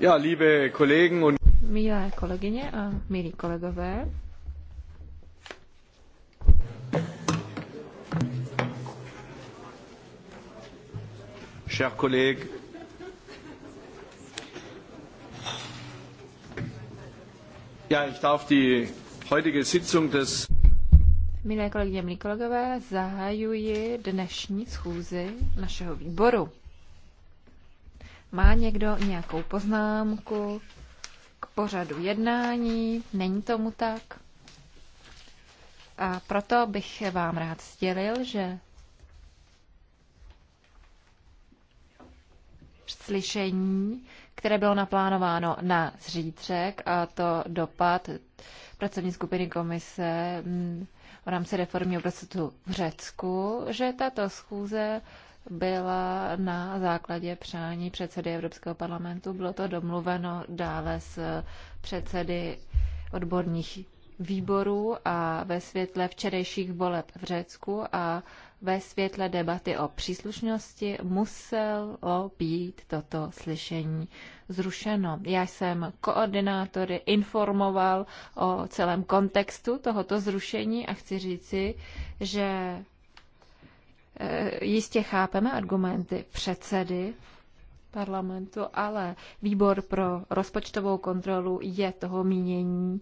Milé kolegyně a milí kolegové, Milé kolegyně, milí kolegové, zahajuji dnešní schůzi našeho výboru. Má někdo nějakou poznámku k pořadu jednání? Není tomu tak? A proto bych vám rád sdělil, že slyšení, které bylo naplánováno na zítřek, a to dopad pracovní skupiny komise mm, v rámci reformního procesu v Řecku, že tato schůze byla na základě přání předsedy Evropského parlamentu. Bylo to domluveno dále s předsedy odborných výborů a ve světle včerejších voleb v Řecku a ve světle debaty o příslušnosti muselo být toto slyšení zrušeno. Já jsem koordinátory informoval o celém kontextu tohoto zrušení a chci říci, že Eh, jistě chápeme argumenty předsedy parlamentu, ale výbor pro rozpočtovou kontrolu je toho mínění,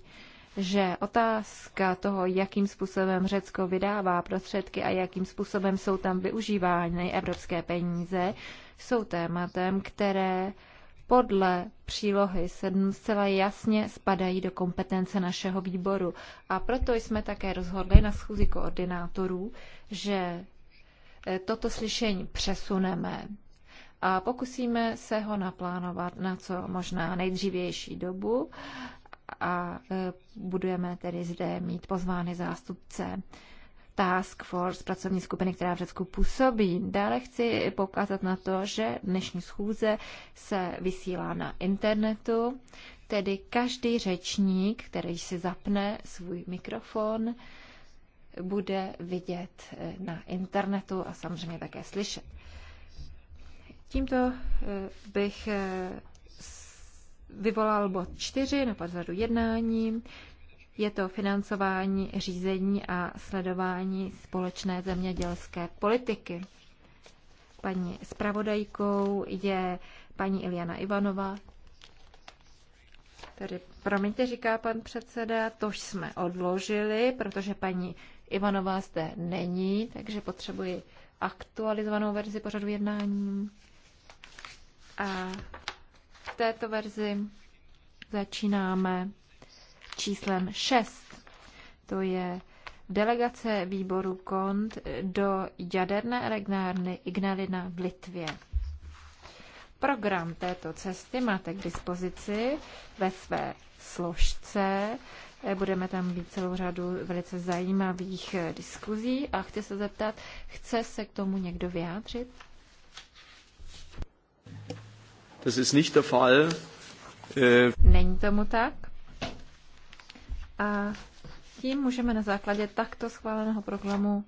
že otázka toho, jakým způsobem Řecko vydává prostředky a jakým způsobem jsou tam využívány evropské peníze, jsou tématem, které podle přílohy se zcela jasně spadají do kompetence našeho výboru. A proto jsme také rozhodli na schůzi koordinátorů, že Eh, toto slyšení přesuneme a pokusíme se ho naplánovat na co možná nejdřívější dobu a eh, budeme tedy zde mít pozvány zástupce Task Force, pracovní skupiny, která v Řecku působí. Dále chci poukázat na to, že dnešní schůze se vysílá na internetu, tedy každý řečník, který si zapne svůj mikrofon, bude vidět eh, na internetu a samozřejmě také slyšet. Tímto eh, bych eh, vyvolal bod 4 na pořadu jednání. Je to financování, řízení a sledování společné zemědělské politiky. Paní zpravodajkou je paní Iliana Ivanova. Tedy, promiňte, říká pan předseda, tož jsme odložili, protože paní Ivanová zde není, takže potřebuji aktualizovanou verzi pořadu jednání. A v této verzi začínáme číslem 6. To je delegace výboru KONT do jaderné elektrárny Ignalina v Litvě. Program této cesty máte k dispozici ve své složce. Eh, budeme tam mít celou řadu velice zajímavých eh, diskuzí a chci se zeptat, chce se k tomu někdo vyjádřit? Das ist nicht der Fall. Eh, Není tomu tak. A tím můžeme na základě takto schváleného programu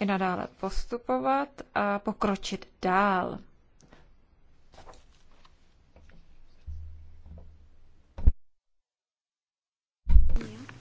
i nadále postupovat a pokročit dál.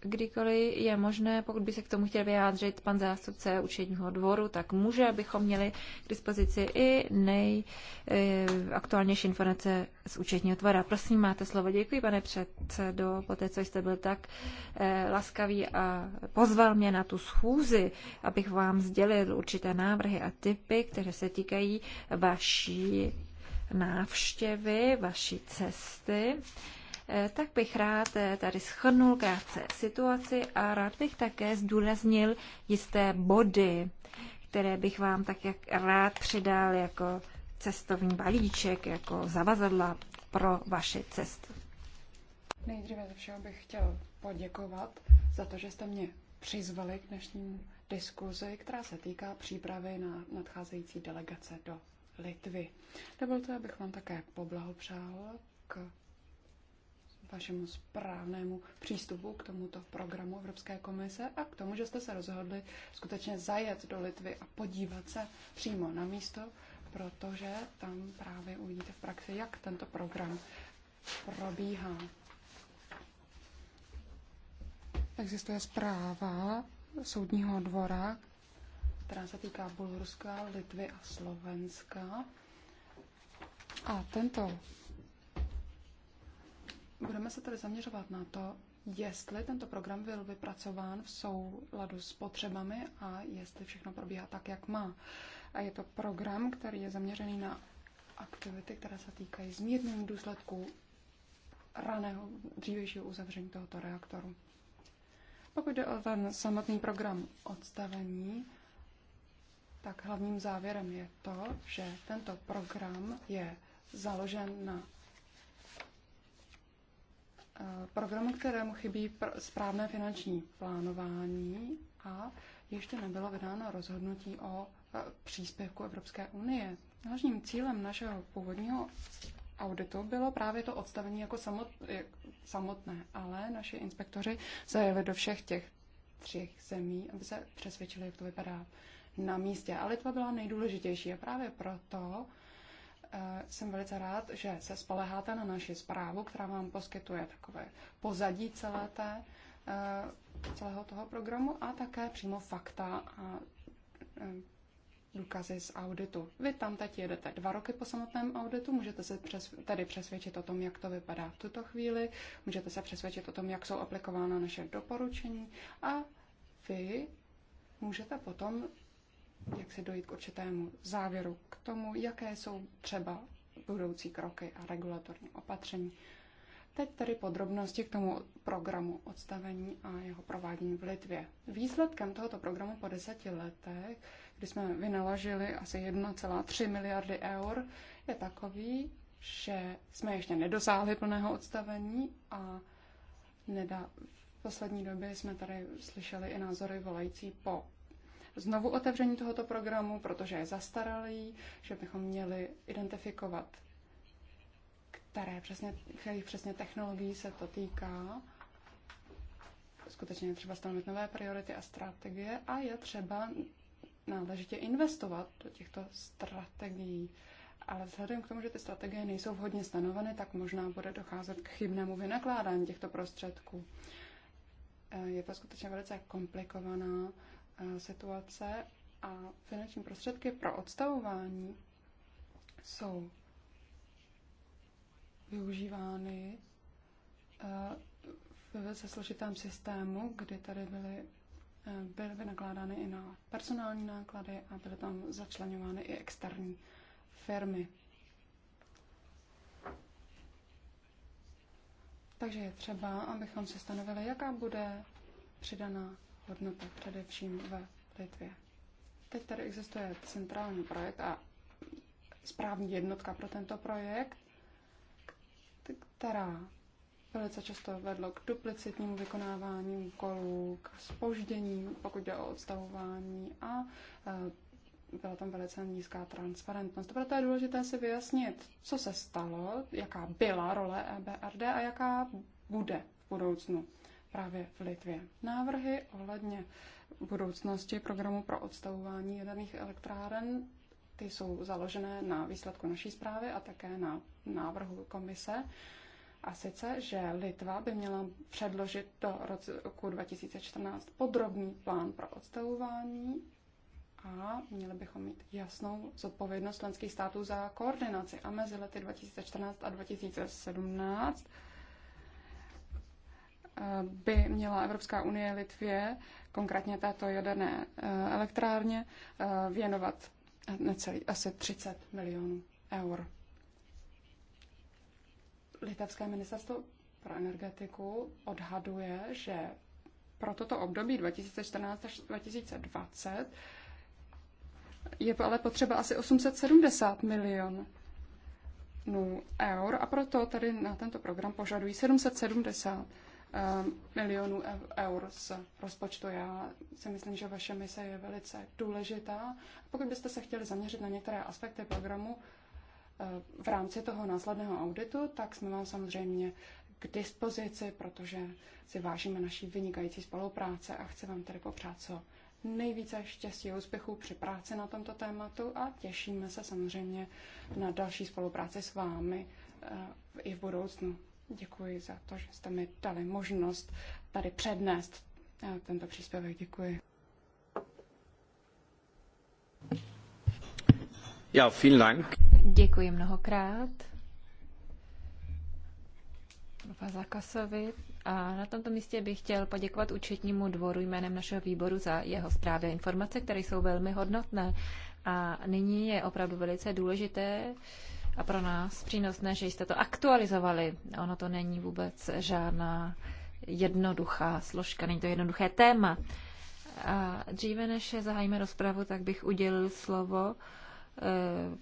kdykoliv je možné, pokud by se k tomu chtěl vyjádřit pan zástupce učedního dvoru, tak může, abychom měli k dispozici i nejaktuálnější eh, informace z učetního dvora. Prosím, máte slovo. Děkuji, pane předsedo, po té, co jste byl tak eh, laskavý a pozval mě na tu schůzi, abych vám sdělil určité návrhy a typy, které se týkají vaší návštěvy, vaší cesty. Eh, tak bych rád eh, tady schrnul krátce situaci a rád bych také zdůraznil jisté body, které bych vám tak jak rád přidal jako cestovní balíček, jako zavazadla pro vaši cestu. Nejdříve ze všeho bych chtěl poděkovat za to, že jste mě přizvali k dnešní diskuzi, která se týká přípravy na nadcházející delegace do Litvy. Dovolte, abych vám také poblahopřál k vašemu správnému přístupu k tomuto programu Evropské komise a k tomu, že jste se rozhodli skutečně zajet do Litvy a podívat se přímo na místo, protože tam právě uvidíte v praxi, jak tento program probíhá. Existuje zpráva soudního dvora, která se týká Bulharska, Litvy a Slovenska. A tento Budeme se tedy zaměřovat na to, jestli tento program byl vypracován v souladu s potřebami a jestli všechno probíhá tak, jak má. A je to program, který je zaměřený na aktivity, které se týkají zmírnění důsledků raného, dřívějšího uzavření tohoto reaktoru. Pokud jde o ten samotný program odstavení, tak hlavním závěrem je to, že tento program je založen na Eh, programu, kterému chybí správné finanční plánování a ještě nebylo vydáno rozhodnutí o eh, příspěvku Evropské unie. Hlavním cílem našeho původního auditu bylo právě to odstavení jako samotné, ale naši inspektoři zajeli do všech těch třech zemí, aby se přesvědčili, jak to vypadá na místě. A Litva byla nejdůležitější a právě proto Eh, jsem velice rád, že se spoleháte na naši zprávu, která vám poskytuje takové pozadí celé té, eh, celého toho programu a také přímo fakta a eh, důkazy z auditu. Vy tam teď jedete dva roky po samotném auditu, můžete se přes, tedy přesvědčit o tom, jak to vypadá v tuto chvíli, můžete se přesvědčit o tom, jak jsou aplikována naše doporučení a vy můžete potom jak se dojít k určitému závěru k tomu, jaké jsou třeba budoucí kroky a regulatorní opatření. Teď tedy podrobnosti k tomu programu odstavení a jeho provádění v Litvě. Výsledkem tohoto programu po deseti letech, kdy jsme vynaložili asi 1,3 miliardy eur, je takový, že jsme ještě nedosáhli plného odstavení a nedá, v poslední době jsme tady slyšeli i názory volající po znovu otevření tohoto programu, protože je zastaralý, že bychom měli identifikovat, které přesně, kterých přesně technologií se to týká. Skutečně je třeba stanovit nové priority a strategie a je třeba náležitě investovat do těchto strategií. Ale vzhledem k tomu, že ty strategie nejsou vhodně stanoveny, tak možná bude docházet k chybnému vynakládání těchto prostředků. E, je to skutečně velice komplikovaná Eh, situace a finanční prostředky pro odstavování jsou využívány eh, v velice složitém systému, kdy tady byly, eh, byly vynakládány i na personální náklady a byly tam začlenovány i externí firmy. Takže je třeba, abychom si stanovili, jaká bude přidaná hodnota, především v Litvě. Teď tady existuje centrální projekt a správní jednotka pro tento projekt, která velice často vedlo k duplicitnímu vykonávání úkolů, k spoždění, pokud jde o odstavování a e, byla tam velice nízká transparentnost. Proto je důležité si vyjasnit, co se stalo, jaká byla role EBRD a jaká bude v budoucnu právě v Litvě. Návrhy ohledně budoucnosti programu pro odstavování jaderných elektráren ty jsou založené na výsledku naší zprávy a také na návrhu komise. A sice, že Litva by měla předložit do roku 2014 podrobný plán pro odstavování a měli bychom mít jasnou zodpovědnost členských států za koordinaci. A mezi lety 2014 a 2017 by měla Evropská unie Litvě, konkrétně této jaderné eh, elektrárně, eh, věnovat necelý, asi 30 milionů eur. Litevské ministerstvo pro energetiku odhaduje, že pro toto období 2014 až 2020 je ale potřeba asi 870 milionů eur a proto tady na tento program požadují 770 Eh, milionů eur z rozpočtu. Já si myslím, že vaše mise je velice důležitá. Pokud byste se chtěli zaměřit na některé aspekty programu eh, v rámci toho následného auditu, tak jsme vám samozřejmě k dispozici, protože si vážíme naší vynikající spolupráce a chci vám tedy popřát co nejvíce štěstí a úspěchů při práci na tomto tématu a těšíme se samozřejmě na další spolupráci s vámi eh, i v budoucnu. Děkuji za to, že jste mi dali možnost tady přednést eh, tento příspěvek. Děkuji. Ja, vielen Dank. Děkuji mnohokrát. Zakasovi. A na tomto místě bych chtěl poděkovat účetnímu dvoru jménem našeho výboru za jeho zprávy a informace, které jsou velmi hodnotné. A nyní je opravdu velice důležité, a pro nás přínosné, že jste to aktualizovali. Ono to není vůbec žádná jednoduchá složka, není to jednoduché téma. A dříve než zahájíme rozpravu, tak bych udělil slovo eh,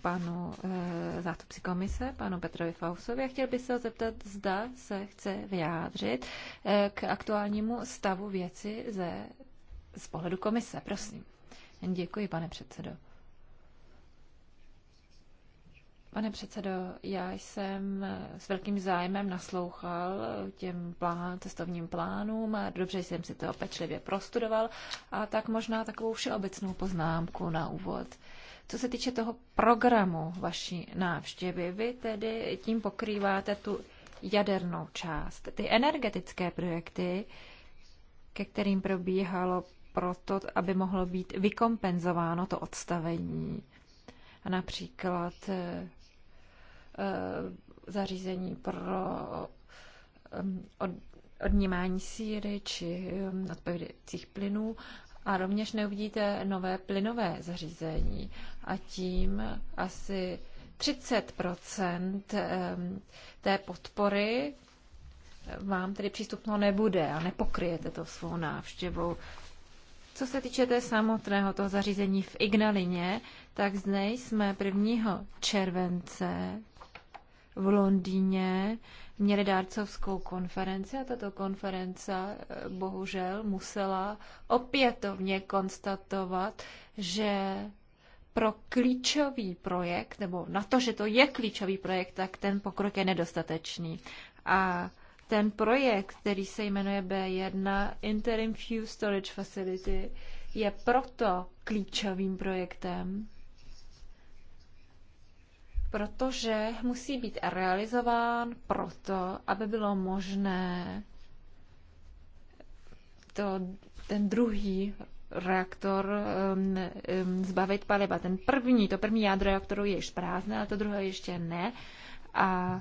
panu eh, zástupci komise, panu Petrovi Fausovi a chtěl bych se ho zeptat, zda se chce vyjádřit eh, k aktuálnímu stavu věci ze, z pohledu komise. Prosím. Děkuji, pane předsedo. Pane předsedo, já jsem s velkým zájmem naslouchal těm plán, cestovním plánům a dobře jsem si to pečlivě prostudoval a tak možná takovou všeobecnou poznámku na úvod. Co se týče toho programu vaší návštěvy, vy tedy tím pokrýváte tu jadernou část. Ty energetické projekty, ke kterým probíhalo proto, aby mohlo být vykompenzováno to odstavení. A například eh, Eh, zařízení pro odnímání síry či odpovědících plynů a rovněž neuvidíte nové plynové zařízení a tím asi 30 té podpory eh, vám tedy přístupno nebude a nepokryjete to svou návštěvou. Co se týče té samotného toho zařízení v Ignalině, tak zde jsme 1. července v Londýně měli dárcovskou konferenci a tato konference eh, bohužel musela opětovně konstatovat, že pro klíčový projekt, nebo na to, že to je klíčový projekt, tak ten pokrok je nedostatečný. A ten projekt, který se jmenuje B1 Interim Fuel Storage Facility, je proto klíčovým projektem, protože musí být realizován proto, aby bylo možné to, ten druhý reaktor um, um, zbavit paliva. Ten první, to první jádro reaktoru je již prázdné, ale to druhé ještě ne. A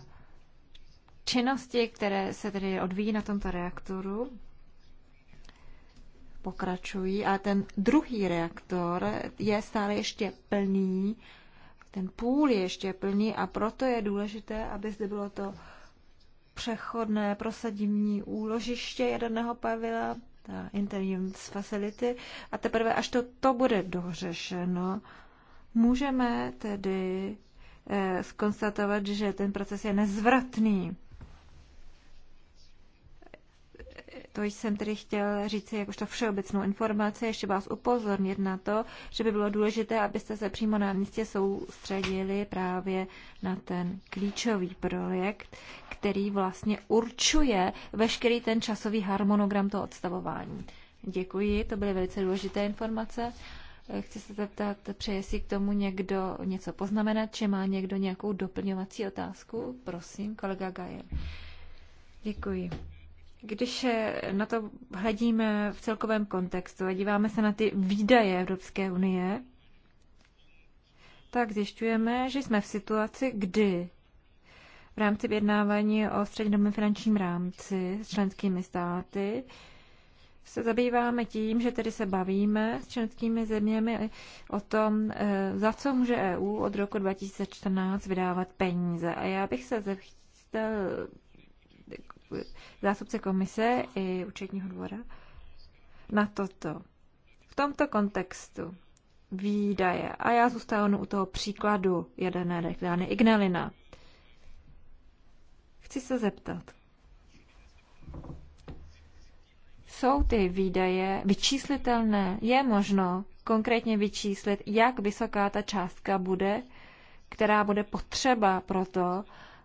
činnosti, které se tedy odvíjí na tomto reaktoru, pokračují, a ten druhý reaktor je stále ještě plný ten půl je ještě plný a proto je důležité, aby zde bylo to přechodné prosadivní úložiště jaderného pavila, ta intelligence facility, a teprve až to, to bude dořešeno, můžeme tedy eh, skonstatovat, že ten proces je nezvratný. To jsem tedy chtěl říct jakožto všeobecnou informaci, ještě vás upozornit na to, že by bylo důležité, abyste se přímo na místě soustředili právě na ten klíčový projekt, který vlastně určuje veškerý ten časový harmonogram toho odstavování. Děkuji, to byly velice důležité informace. Chci se zeptat, přeje si k tomu někdo něco poznamenat, či má někdo nějakou doplňovací otázku? Prosím, kolega Gajer. Děkuji. Když eh, na to hledíme v celkovém kontextu a díváme se na ty výdaje Evropské unie, tak zjišťujeme, že jsme v situaci, kdy v rámci vyjednávání o střednědobém finančním rámci s členskými státy se zabýváme tím, že tedy se bavíme s členskými zeměmi o tom, eh, za co může EU od roku 2014 vydávat peníze. A já bych se chtěl zástupce komise i účetního dvora na toto. V tomto kontextu výdaje, a já zůstávám u toho příkladu jaderné elektrárny Ignalina, chci se zeptat, jsou ty výdaje vyčíslitelné? Je možno konkrétně vyčíslit, jak vysoká ta částka bude, která bude potřeba pro to,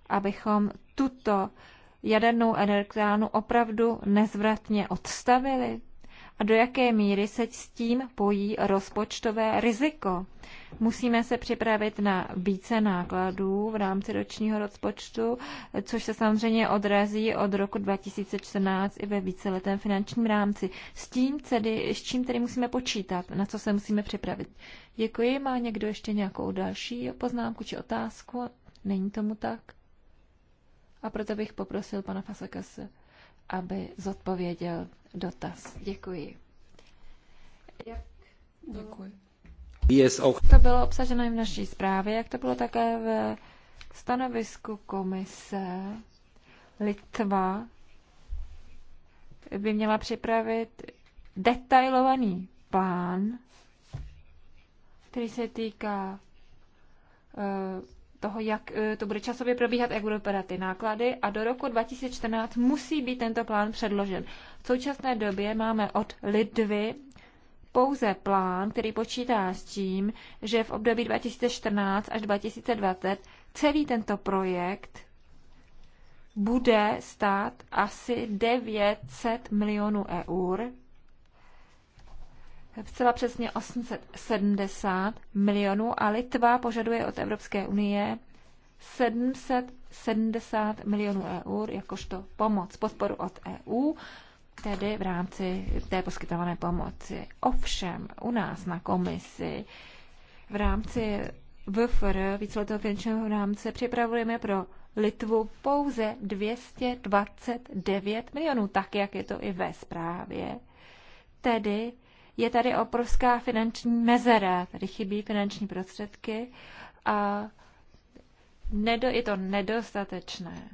abychom tuto jadernou elektrárnu opravdu nezvratně odstavili? A do jaké míry se s tím pojí rozpočtové riziko? Musíme se připravit na více nákladů v rámci ročního rozpočtu, což se samozřejmě odrazí od roku 2014 i ve víceletém finančním rámci. S, tím tedy, s čím tedy musíme počítat? Na co se musíme připravit? Děkuji. Má někdo ještě nějakou další poznámku či otázku? Není tomu tak? a proto bych poprosil pana Fasakase, aby zodpověděl dotaz. Děkuji. Jak Děkuji. To bylo obsaženo i v naší zprávě, jak to bylo také v stanovisku komise. Litva by měla připravit detailovaný plán, který se týká uh, toho, jak eh, to bude časově probíhat, jak budou vypadat ty náklady a do roku 2014 musí být tento plán předložen. V současné době máme od Lidvy pouze plán, který počítá s tím, že v období 2014 až 2020 celý tento projekt bude stát asi 900 milionů eur zcela přesně 870 milionů a Litva požaduje od Evropské unie 770 milionů eur jakožto pomoc, podporu od EU, tedy v rámci té poskytované pomoci. Ovšem u nás na komisi v rámci VFR víceletého finančního rámce připravujeme pro Litvu pouze 229 milionů, tak jak je to i ve zprávě. Tedy je tady obrovská finanční mezera, tady chybí finanční prostředky a nedo, je to nedostatečné.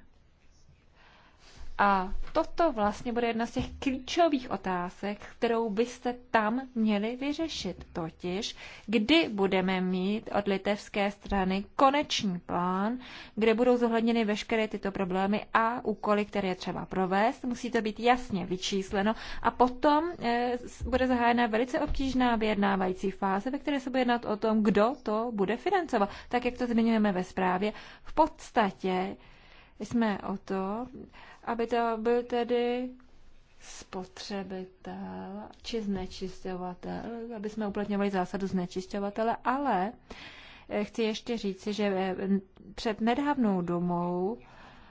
A toto vlastně bude jedna z těch klíčových otázek, kterou byste tam měli vyřešit. Totiž, kdy budeme mít od litevské strany konečný plán, kde budou zohledněny veškeré tyto problémy a úkoly, které je třeba provést. Musí to být jasně vyčísleno a potom eh, bude zahájena velice obtížná vyjednávající fáze, ve které se bude jednat o tom, kdo to bude financovat. Tak, jak to zmiňujeme ve zprávě, v podstatě jsme o to, aby to byl tedy spotřebitel či znečišťovatel, aby jsme uplatňovali zásadu znečišťovatele, ale eh, chci ještě říci, že eh, před nedávnou domou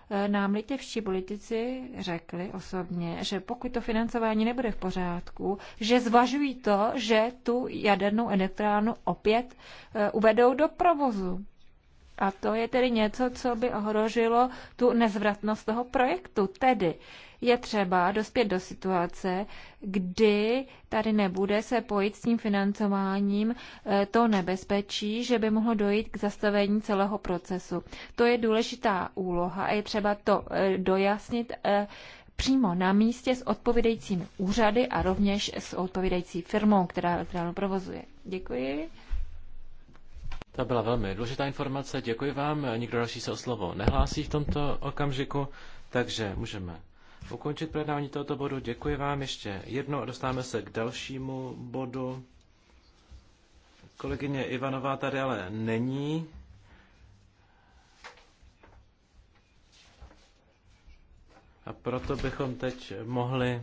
eh, nám litevští politici řekli osobně, že pokud to financování nebude v pořádku, že zvažují to, že tu jadernou elektrárnu opět uvedou do provozu. A to je tedy něco, co by ohrožilo tu nezvratnost toho projektu. Tedy je třeba dospět do situace, kdy tady nebude se pojít s tím financováním eh, to nebezpečí, že by mohlo dojít k zastavení celého procesu. To je důležitá úloha a je třeba to eh, dojasnit eh, přímo na místě s odpovídajícími úřady a rovněž s odpovídající firmou, která elektrárnu provozuje. Děkuji. To byla velmi důležitá informace, děkuji vám. Nikdo další se o slovo nehlásí v tomto okamžiku, takže můžeme ukončit projednávání tohoto bodu. Děkuji vám ještě jedno. a dostáváme se k dalšímu bodu. Kolegyně Ivanová tady ale není. A proto bychom teď mohli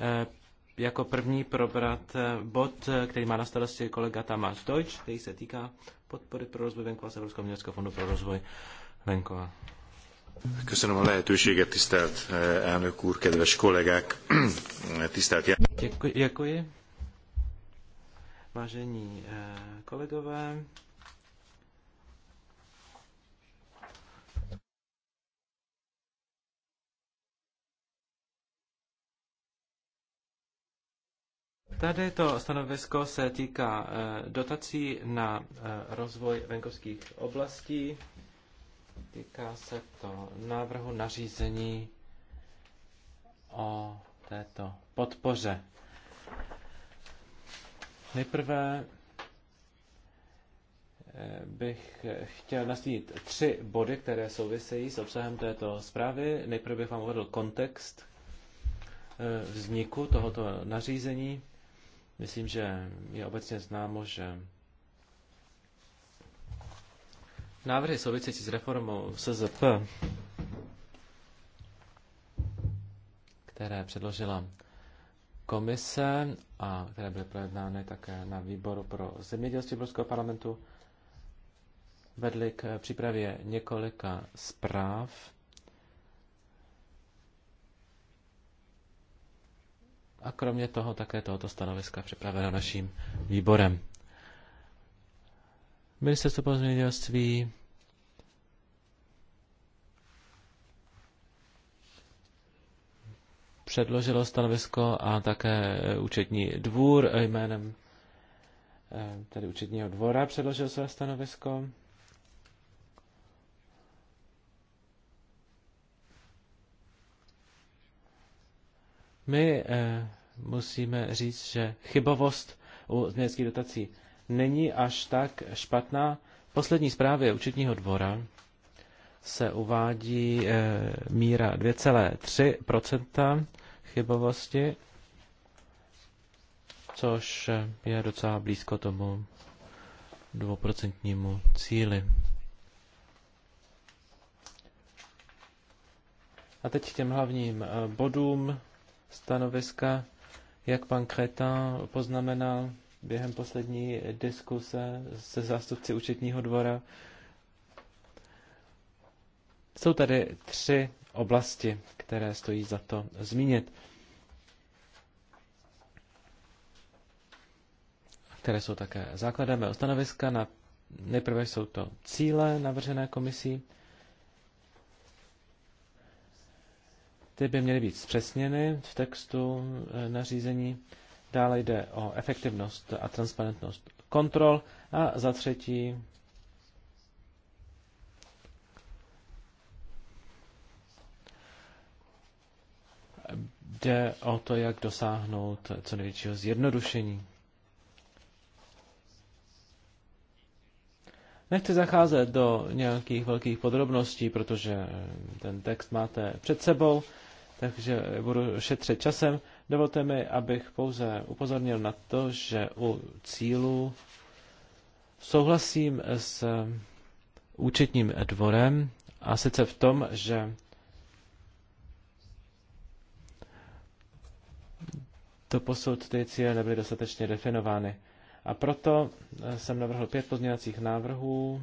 eh, jako první probrat eh, bod, eh, který má na starosti kolega Tamáš Deutsch, který se týká podpory pro rozvoj venkova z Evropského městského fondu pro rozvoj venkova. Köszönöm a lehetőséget, tisztelt eh, elnök úr, kedves kollégák, tisztelt Děkuji. Děkuji. Vážení kolegové, Tady to stanovisko se týká eh, dotací na eh, rozvoj venkovských oblastí. Týká se to návrhu nařízení o této podpoře. Nejprve eh, bych chtěl nastínit tři body, které souvisejí s obsahem této zprávy. Nejprve bych vám uvedl kontext vzniku tohoto nařízení. Myslím, že je obecně známo, že návrhy související s reformou SZP, které předložila komise a které byly projednány také na výboru pro zemědělství Evropského parlamentu, vedly k přípravě několika zpráv a kromě toho také tohoto stanoviska připraveno naším výborem. Ministerstvo pro zemědělství předložilo stanovisko a také eh, účetní dvůr jménem eh, tedy účetního dvora předložil své stanovisko. My eh, musíme říct, že chybovost u zemědělských dotací není až tak špatná. V poslední zprávě účetního dvora se uvádí eh, míra 2,3 chybovosti, což eh, je docela blízko tomu dvouprocentnímu cíli. A teď k těm hlavním eh, bodům stanoviska, jak pan Kretan poznamenal během poslední diskuse se zástupci účetního dvora. Jsou tady tři oblasti, které stojí za to zmínit, které jsou také základem mého stanoviska. Na, nejprve jsou to cíle navržené komisí, Ty by měly být zpřesněny v textu eh, nařízení. Dále jde o efektivnost a transparentnost kontrol. A za třetí jde o to, jak dosáhnout co největšího zjednodušení. Nechci zacházet do nějakých velkých podrobností, protože ten text máte před sebou takže budu šetřit časem. Dovolte mi, abych pouze upozornil na to, že u cílu souhlasím s účetním dvorem a sice v tom, že to posud ty cíle nebyly dostatečně definovány. A proto jsem navrhl pět pozměňovacích návrhů,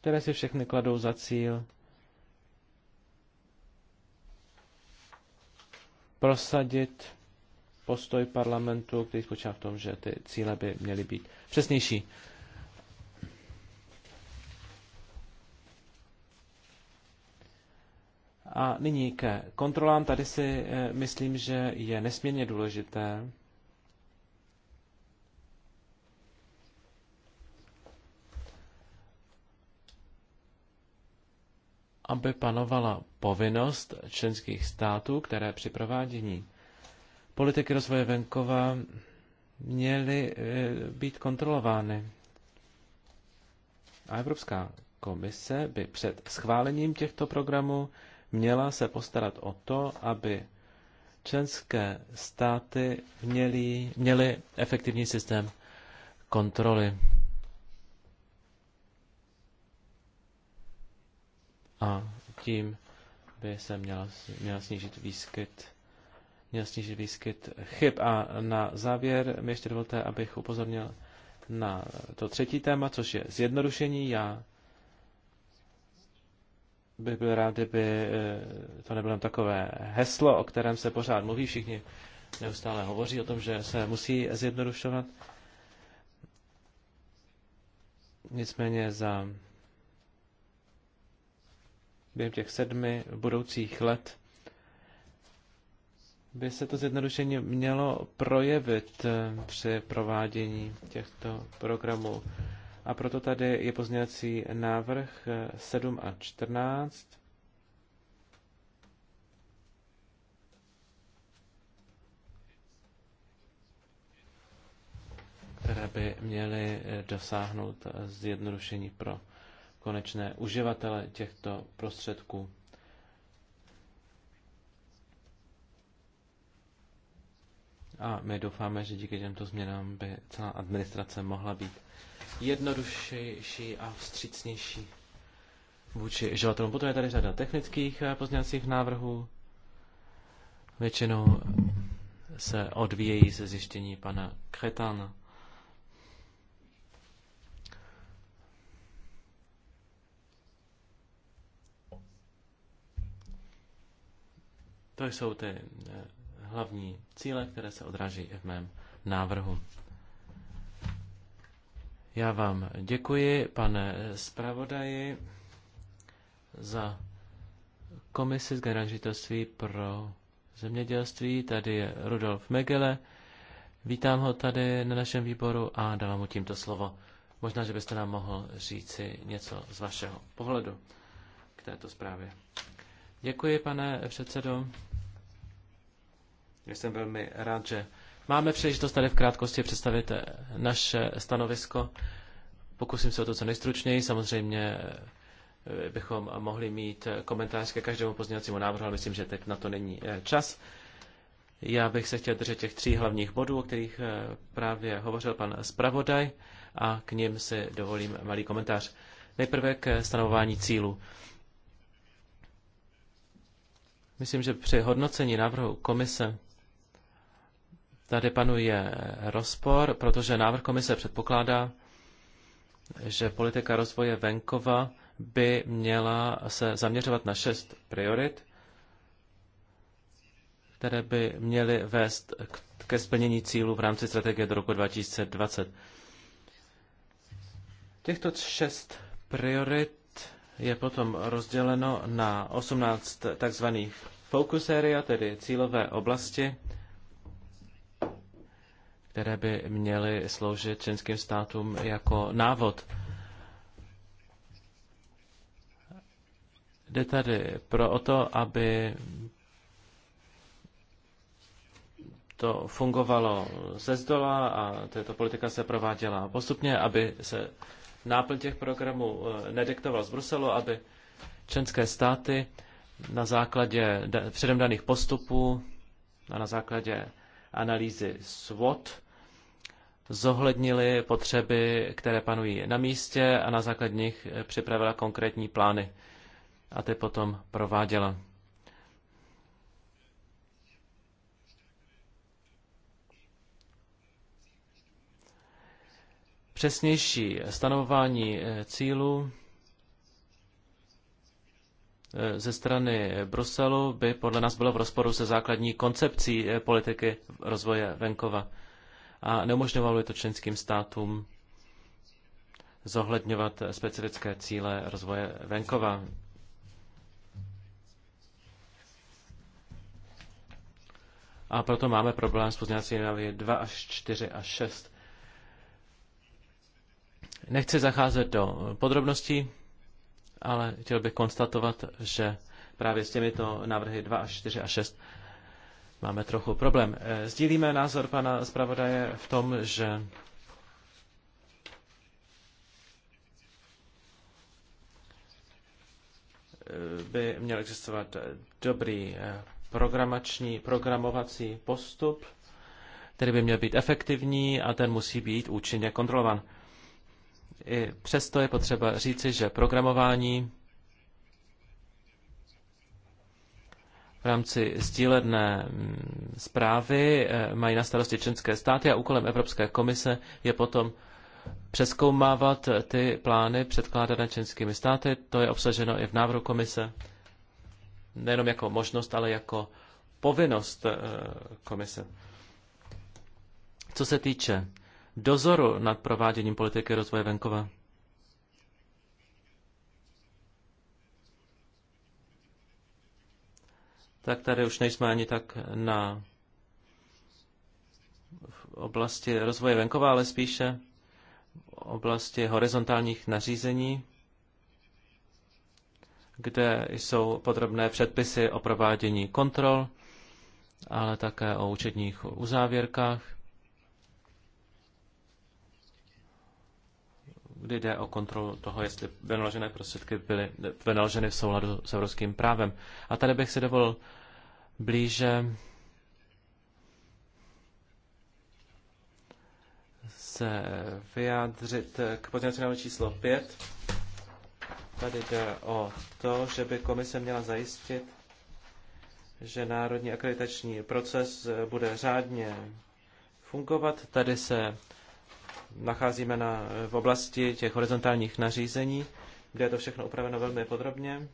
které si všechny kladou za cíl prosadit postoj parlamentu, který spočívá v tom, že ty cíle by měly být přesnější. A nyní ke kontrolám. Tady si eh, myslím, že je nesmírně důležité, aby panovala povinnost členských států, které při provádění politiky rozvoje venkova měly e, být kontrolovány. A Evropská komise by před schválením těchto programů měla se postarat o to, aby členské státy měly, měly efektivní systém kontroly. a tím by se měl, měl snížit výskyt měl snížit výskyt chyb. A na závěr mi ještě dovolte, abych upozornil na to třetí téma, což je zjednodušení. Já bych byl rád, kdyby eh, to nebylo takové heslo, o kterém se pořád mluví. Všichni neustále hovoří o tom, že se musí zjednodušovat. Nicméně za během těch sedmi budoucích let by se to zjednodušení mělo projevit eh, při provádění těchto programů. A proto tady je pozměňovací návrh 7 eh, a 14. které by měly eh, dosáhnout zjednodušení pro konečné uživatele těchto prostředků. A my doufáme, že díky těmto změnám by celá administrace mohla být jednodušší a vstřícnější vůči uživatelům. Potom je tady řada technických eh, pozměňovacích návrhů. Většinou se odvíjejí ze zjištění pana Kretana. To jsou ty eh, hlavní cíle, které se odráží v mém návrhu. Já vám děkuji, pane zpravodaji, za komisi z generálního pro zemědělství. Tady je Rudolf Megele. Vítám ho tady na našem výboru a dávám mu tímto slovo. Možná, že byste nám mohl říci něco z vašeho pohledu k této zprávě. Děkuji, pane předsedo. Jsem velmi rád, že máme příležitost tady v krátkosti představit naše stanovisko. Pokusím se o to co nejstručněji. Samozřejmě eh, bychom mohli mít komentář ke každému pozměňovacímu návrhu, ale myslím, že teď na to není eh, čas. Já bych se chtěl držet těch tří hlavních bodů, o kterých eh, právě hovořil pan zpravodaj a k ním si dovolím malý komentář. Nejprve k stanovování cílu. Myslím, že při hodnocení návrhu komise tady panuje rozpor, protože návrh komise předpokládá, že politika rozvoje venkova by měla se zaměřovat na šest priorit, které by měly vést ke splnění cílů v rámci strategie do roku 2020. Těchto šest priorit je potom rozděleno na 18 takzvaných focus area, tedy cílové oblasti, které by měly sloužit členským státům jako návod. Jde tady pro o to, aby to fungovalo ze zdola a tato politika se prováděla postupně, aby se náplň těch programů eh, nediktoval z Bruselu, aby členské státy na základě předem daných postupů a na základě analýzy SWOT zohlednili potřeby, které panují na místě a na základě nich připravila konkrétní plány a ty potom prováděla. přesnější stanovování eh, cílů eh, ze strany Bruselu by podle nás bylo v rozporu se základní koncepcí eh, politiky rozvoje venkova a neumožňovalo by to členským státům zohledňovat specifické cíle rozvoje venkova. A proto máme problém s pozměňovacími návrhy 2 až 4 až 6. Nechci zacházet do podrobností, ale chtěl bych konstatovat, že právě s těmito návrhy 2 až 4 a 6 máme trochu problém. Eh, sdílíme názor pana zpravodaje v tom, že eh, by měl existovat dobrý eh, programační, programovací postup, který by měl být efektivní a ten musí být účinně kontrolovan. I přesto je potřeba říci, že programování v rámci sdílené mm, zprávy eh, mají na starosti členské státy a úkolem Evropské komise je potom přeskoumávat eh, ty plány předkládané členskými státy. To je obsaženo i v návrhu komise, nejenom jako možnost, ale jako povinnost eh, komise. Co se týče dozoru nad prováděním politiky rozvoje venkova. Tak tady už nejsme ani tak na v oblasti rozvoje venkova, ale spíše v oblasti horizontálních nařízení, kde jsou podrobné předpisy o provádění kontrol, ale také o účetních uzávěrkách. kdy jde o kontrolu toho, jestli vynaložené prostředky byly vynaloženy v souladu s evropským právem. A tady bych si dovolil blíže se vyjádřit k pozměňovacímu číslo 5. Tady jde o to, že by komise měla zajistit, že národní akreditační proces bude řádně fungovat. Tady se nacházíme na, v oblasti těch horizontálních nařízení, kde je to všechno upraveno velmi podrobně.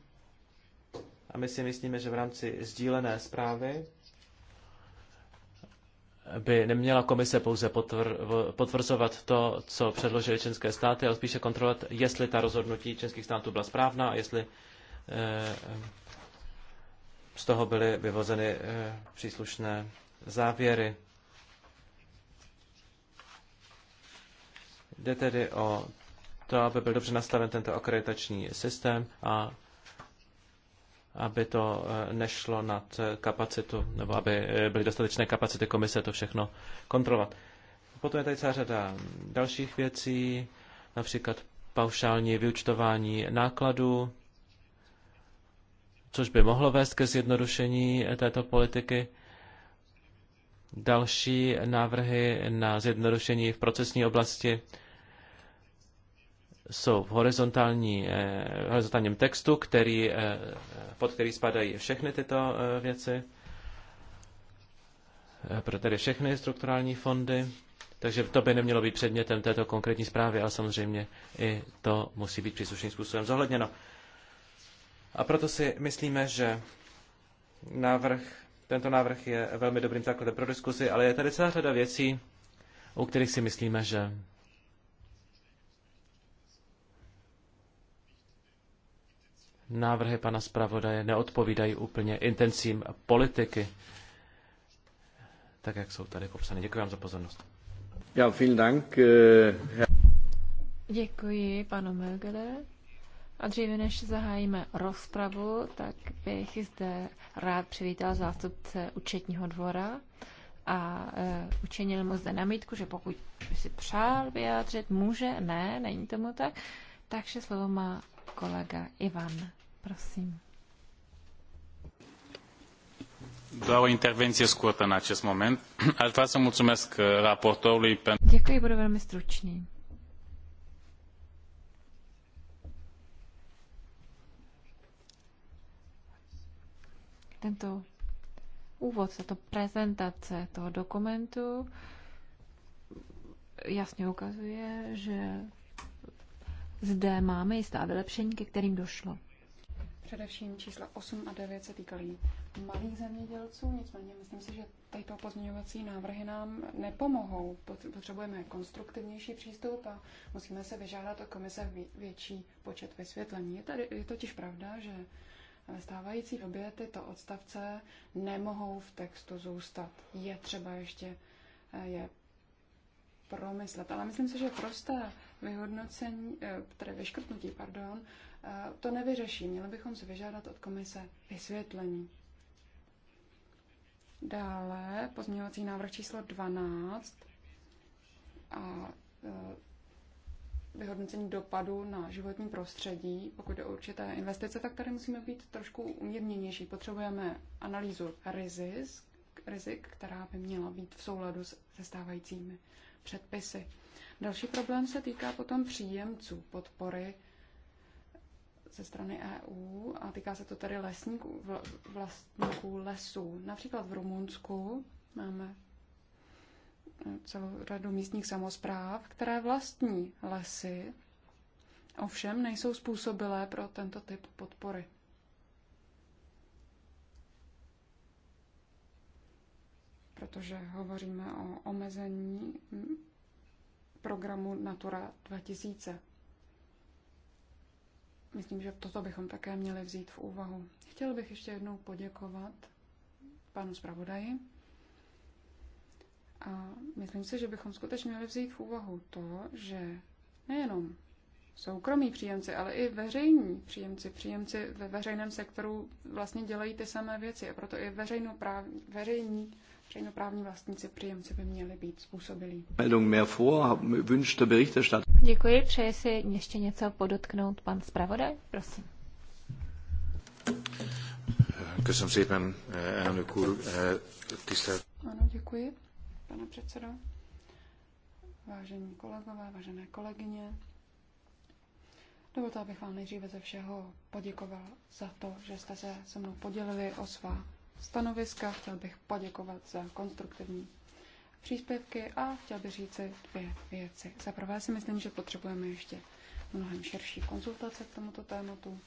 A my si myslíme, že v rámci sdílené zprávy by neměla komise pouze potvr, potvrzovat to, co předložily členské státy, ale spíše kontrolovat, jestli ta rozhodnutí členských států byla správná a jestli eh, z toho byly vyvozeny eh, příslušné závěry. Jde tedy o to, aby byl dobře nastaven tento akreditační systém a aby to eh, nešlo nad eh, kapacitu, nebo aby eh, byly dostatečné kapacity komise to všechno kontrolovat. Potom je tady celá řada dalších věcí, například paušální vyučtování nákladů, což by mohlo vést ke zjednodušení této politiky. Další návrhy na zjednodušení v procesní oblasti jsou v horizontální, eh, horizontálním textu, který, eh, pod který spadají všechny tyto eh, věci, pro tedy všechny strukturální fondy. Takže to by nemělo být předmětem této konkrétní zprávy, ale samozřejmě i to musí být příslušným způsobem zohledněno. A proto si myslíme, že návrh, tento návrh je velmi dobrým základem pro diskuzi, ale je tady celá řada věcí, u kterých si myslíme, že návrhy pana zpravodaje neodpovídají úplně intencím politiky, tak jak jsou tady popsány. Děkuji vám za pozornost. Ja, vielen Dank. Eh, Děkuji panu Mögele. A dříve než zahájíme rozpravu, tak bych zde rád přivítal zástupce účetního dvora a e, učinil mu zde namítku, že pokud by si přál vyjádřit, může, ne, není tomu tak. Takže slovo má kolega Ivan Prosím. Doar o intervenție scurtă în acest moment. Aș vrea să mulțumesc uh, raportorului pentru... Děkuji, budu velmi stručný. Tento úvod, tato prezentace toho dokumentu jasně ukazuje, že zde máme jistá vylepšení, ke kterým došlo. Především čísla 8 a 9 se týkaly malých zemědělců, nicméně myslím si, že tyto pozměňovací návrhy nám nepomohou. Potřebujeme konstruktivnější přístup a musíme se vyžádat od komise větší počet vysvětlení. Je, tady, je totiž pravda, že ve stávající době tyto odstavce nemohou v textu zůstat. Je třeba ještě eh, je promyslet. Ale myslím si, že prosté vyhodnocení, eh, tedy vyškrtnutí, pardon, Eh, to nevyřeší. Měli bychom si vyžádat od komise vysvětlení. Dále pozměňovací návrh číslo 12 a eh, vyhodnocení dopadu na životní prostředí. Pokud je určité investice, tak tady musíme být trošku umírněnější. Potřebujeme analýzu rizik, rizik která by měla být v souladu se stávajícími předpisy. Další problém se týká potom příjemců podpory ze strany EU a týká se to tady lesníků, vlastníků lesů. Například v Rumunsku máme eh, celou řadu místních samozpráv, které vlastní lesy, ovšem nejsou způsobilé pro tento typ podpory. Protože hovoříme o omezení programu Natura 2000 myslím, že toto bychom také měli vzít v úvahu. Chtěl bych ještě jednou poděkovat panu zpravodaji. A myslím si, že bychom skutečně měli vzít v úvahu to, že nejenom soukromí příjemci, ale i veřejní příjemci, příjemci ve veřejném sektoru vlastně dělají ty samé věci a proto i veřejnoprávní, veřejní Veřejnoprávní vlastníci příjemci by měli být způsobilí. Děkuji, přeje si ještě něco podotknout pan zpravodaj, prosím. Köszönöm szépen, elnök úr, tisztelt. Ano, děkuji, pane předsedo. Vážení kolegové, vážené kolegyně, Dovolte, abych vám nejdříve ze všeho poděkoval za to, že jste se se mnou podělili o svá stanoviska. Chtěl bych poděkovat za konstruktivní příspěvky a chtěl bych říci dvě věci. Za prvé si myslím, že potřebujeme ještě mnohem širší konzultace k tomuto tématu.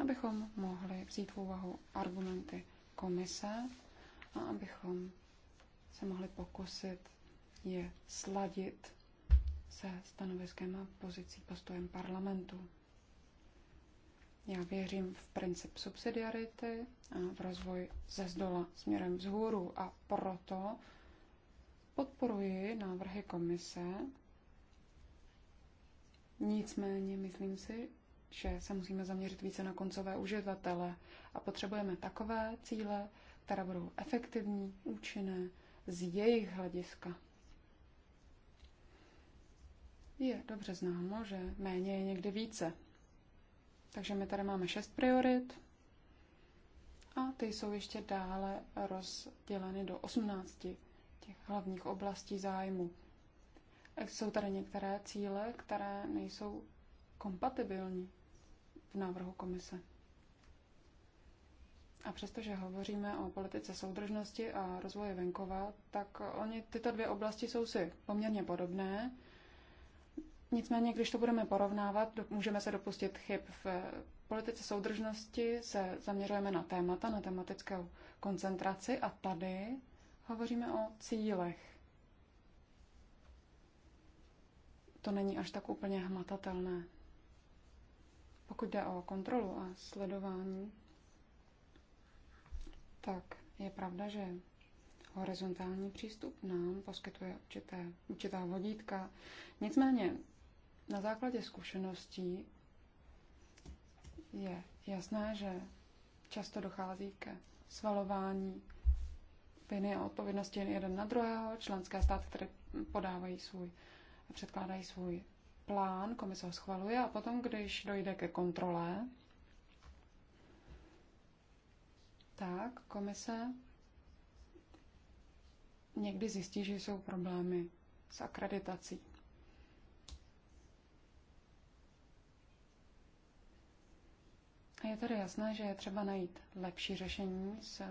Abychom mohli vzít v úvahu argumenty komise a abychom se mohli pokusit je sladit se stanoviskem a pozicí postojem parlamentu. Já věřím v princip subsidiarity a v rozvoj ze zdola směrem vzhůru a proto podporuji návrhy komise. Nicméně myslím si, že se musíme zaměřit více na koncové uživatele a potřebujeme takové cíle, které budou efektivní, účinné z jejich hlediska. Je dobře známo, že méně je někdy více. Takže my tady máme šest priorit a ty jsou ještě dále rozděleny do 18 těch hlavních oblastí zájmu. Jsou tady některé cíle, které nejsou kompatibilní v návrhu komise. A přestože hovoříme o politice soudržnosti a rozvoje venkova, tak oni tyto dvě oblasti jsou si poměrně podobné, Nicméně, když to budeme porovnávat, můžeme se dopustit chyb v politice soudržnosti, se zaměřujeme na témata, na tematickou koncentraci a tady hovoříme o cílech. To není až tak úplně hmatatelné. Pokud jde o kontrolu a sledování, tak je pravda, že horizontální přístup nám poskytuje určité, určitá vodítka. Nicméně na základě zkušeností je jasné, že často dochází ke svalování viny a odpovědnosti jeden na druhého. Členské státy, které podávají svůj, předkládají svůj plán, komise ho schvaluje a potom, když dojde ke kontrole, tak komise někdy zjistí, že jsou problémy s akreditací. Je tedy jasné, že je třeba najít lepší řešení z eh,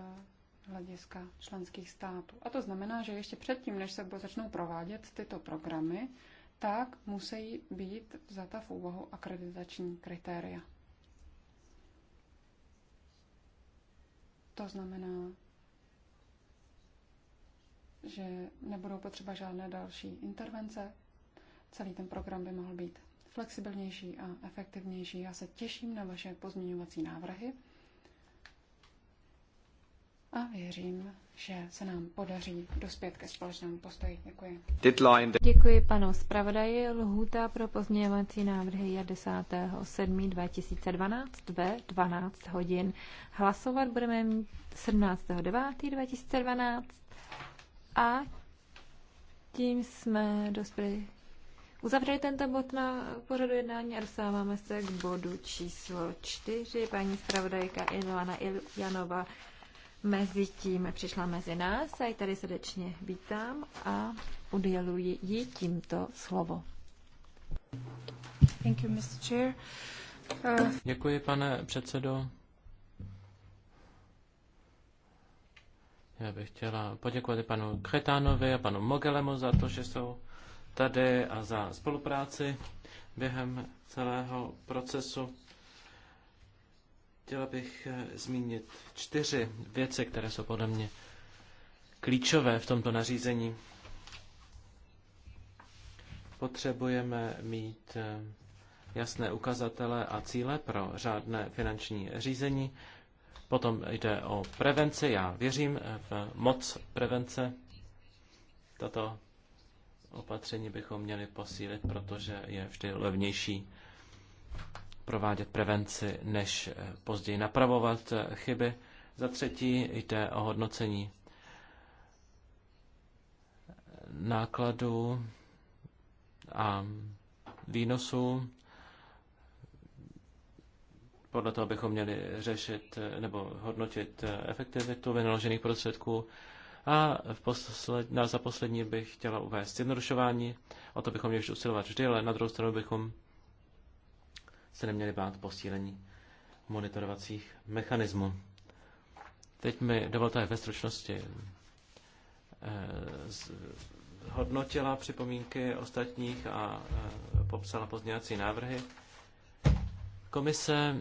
hlediska členských států. A to znamená, že ještě předtím, než se začnou provádět tyto programy, tak musí být vzata v úvahu akreditační kritéria. To znamená, že nebudou potřeba žádné další intervence. Celý ten program by mohl být flexibilnější a efektivnější. Já se těším na vaše pozměňovací návrhy a věřím, že se nám podaří dospět ke společnému postoji. Děkuji. Deadline. Děkuji panu zpravodaji. Lhůta pro pozměňovací návrhy je 10.7.2012 ve 12 hodin. Hlasovat budeme 17.9.2012 a tím jsme dospěli uzavřeli tento bod na pořadu jednání a dostáváme se k bodu číslo čtyři. Paní zpravodajka Ilona Iljanova mezi tím přišla mezi nás a i tady srdečně vítám a uděluji jí tímto slovo. Thank you, Mr. Chair. Uh... Děkuji, pane předsedo. Já bych chtěla poděkovat panu Kretánovi a panu Mogelemu za to, že jsou tady a za spolupráci během celého procesu. Chtěla bych eh, zmínit čtyři věci, které jsou podle mě klíčové v tomto nařízení. Potřebujeme mít eh, jasné ukazatele a cíle pro řádné finanční řízení. Potom jde o prevenci. Já věřím eh, v moc prevence. Tato opatření bychom měli posílit, protože je vždy levnější provádět prevenci, než eh, později napravovat eh, chyby. Za třetí jde o hodnocení nákladů a výnosů. Podle toho bychom měli řešit eh, nebo hodnotit efektivitu vynaložených prostředků a v posled, na, za poslední bych chtěla uvést zjednodušování. O to bychom měli usilovat vždy, ale na druhou stranu bychom se neměli bát posílení monitorovacích mechanismů. Teď mi dovolte ve stručnosti eh, hodnotila připomínky ostatních a eh, popsala pozdějací návrhy. Komise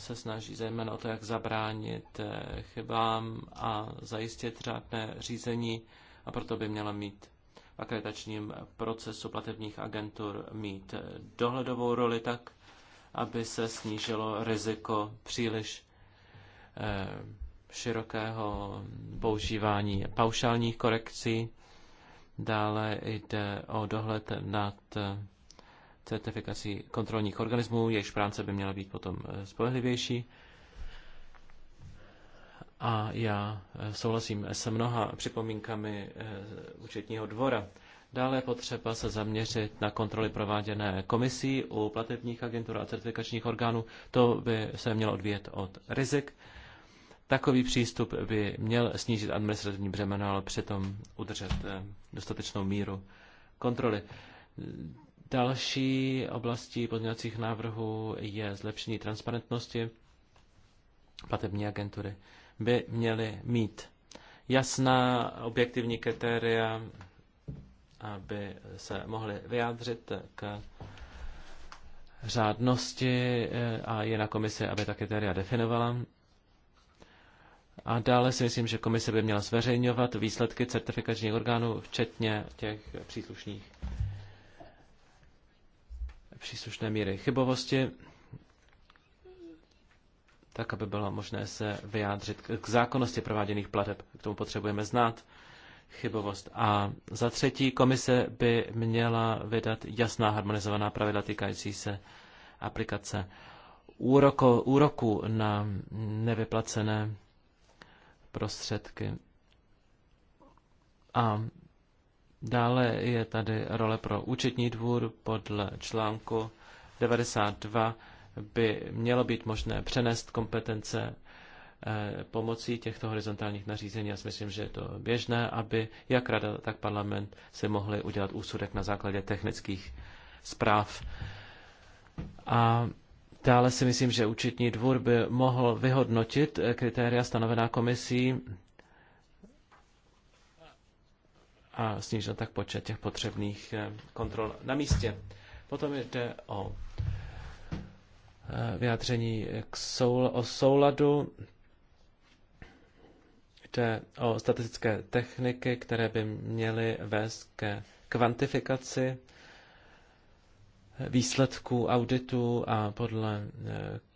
se snaží zejména o to, jak zabránit eh, chybám a zajistit řádné řízení a proto by měla mít v akreditačním procesu platebních agentur mít eh, dohledovou roli tak, aby se snížilo riziko příliš eh, širokého používání paušálních korekcí. Dále jde o dohled nad certifikací kontrolních organismů, jejich práce by měla být potom eh, spolehlivější. A já eh, souhlasím se mnoha připomínkami eh, účetního dvora. Dále je potřeba se zaměřit na kontroly prováděné komisí u platebních agentur a certifikačních orgánů. To by se mělo odvíjet od rizik. Takový přístup by měl snížit administrativní břemeno, ale přitom udržet dostatečnou míru kontroly. Další oblastí pozměňovacích návrhů je zlepšení transparentnosti. Platební agentury by měly mít jasná objektivní kritéria, aby se mohly vyjádřit k řádnosti eh, a je na komisi, aby ta kritéria definovala. A dále si myslím, že komise by měla zveřejňovat výsledky certifikačních orgánů, včetně těch příslušných příslušné míry chybovosti, tak aby bylo možné se vyjádřit k zákonnosti prováděných plateb. K tomu potřebujeme znát chybovost. A za třetí, komise by měla vydat jasná harmonizovaná pravidla týkající se aplikace úroko, úroku na nevyplacené prostředky. A Dále je tady role pro účetní dvůr podle článku 92 by mělo být možné přenést kompetence eh, pomocí těchto horizontálních nařízení. Já si myslím, že je to běžné, aby jak rada, tak parlament si mohli udělat úsudek na základě technických zpráv. A dále si myslím, že účetní dvůr by mohl vyhodnotit eh, kritéria stanovená komisí a snížil tak počet těch potřebných eh, kontrol na místě. Potom jde o eh, vyjádření k soul, o souladu. Jde o statistické techniky, které by měly vést ke kvantifikaci eh, výsledků auditu a podle